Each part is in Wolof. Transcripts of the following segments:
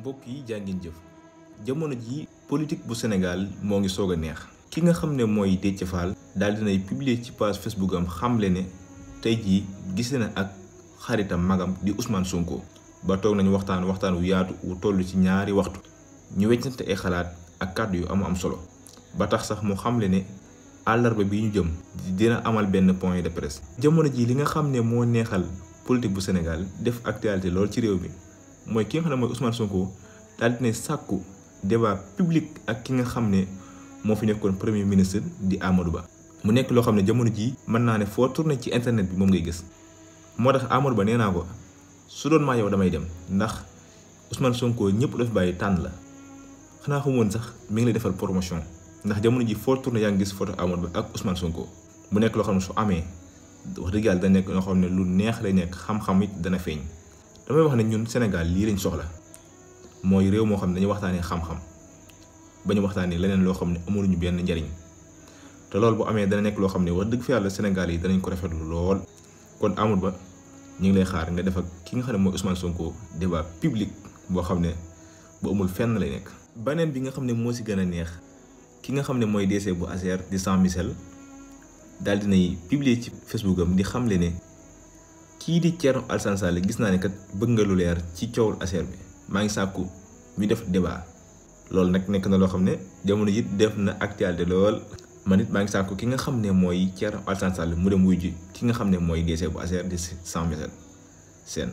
mbokk yi jàngeen jëf jamono ji politique bu senegal moo ngi soog a neex ki nga xam ne mooy Déthié Fall daal dinay publier ci page Facebook am xamle ne tey jii gise na ak xaritam magam di Ousmane Sonko ba toog nañu waxtaan waxtaan wu yaatu wu toll ci ñaari waxtu ñu weccante ay xalaat ak kàddu yu am am solo ba tax sax mu xam le ne àllarba bi ñu jëm dina amal benn point de presse jamono ji li nga xam ne moo neexal politique bu Sénégal def actualité lool ci réew mi mooy ki nga xam ne mooy Ousmane Sonko daal di ne sàkku débat public ak ki nga xam ne moo fi nekkoon premier ministre di Amadou Ba. mu nekk loo xam ne jamono jii mën naa ne foo tourné ci internet bi moom ngay gis moo tax amaru Ba nee naa ko su doon maa yow damay dem ndax Ousmane Sonko ñëpp dafa bàyyi tànn la xanaa xamoon sax mi ngi lay defal promotion ndax jamono ji foo tourné yaa ngi gis photo Amadou Ba ak Ousmane Sonko. mu nekk loo xam ne su amee wax dëgg yàlla dana nekk loo xam ne lu neex lay nekk xam it dana feeñ. damay wax ne ñun Sénégal lii lañ soxla mooy réew moo xam ne dañu waxtaanee xam-xam ba ñu waxtaanee leneen loo xam ne amuluñu benn njariñ te loolu boo amee dana nekk loo xam ne wax dëgg fi yàlla Sénégal yi danañ ko rafetlu lool. kon amul ba ñu ngi lay xaar nga def ak ki nga xam ne mooy Ousmane Sonko débat public boo xam ne bu amul fenn lay nekk. beneen bi nga xam ne moo si gën a neex ki nga xam ne mooy DC bu ASER di Jean Michel di dinay publier ci Facebook am di xamle ne. kii di Thierno Alassane gis naa ne kat bëgg nga lu leer ci coowul ACHR bi maa ngi sàkku ñu def débat loolu nag nekk na loo xam ne jamono it def na actualité lool man it maa ngi sàkku ki nga xam ne mooy Thierno Alassane Sall mu dem wuyu ji ki nga xam ne mooy DC bu ACHR di cent vingt-sept seen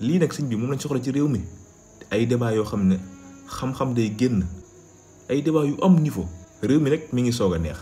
lii nag sëñ bi moom lañ soxla ci réew mi ay débat yoo xam ne xam-xam day génn ay débat yu am niveau réew mi nag mi ngi soog a neex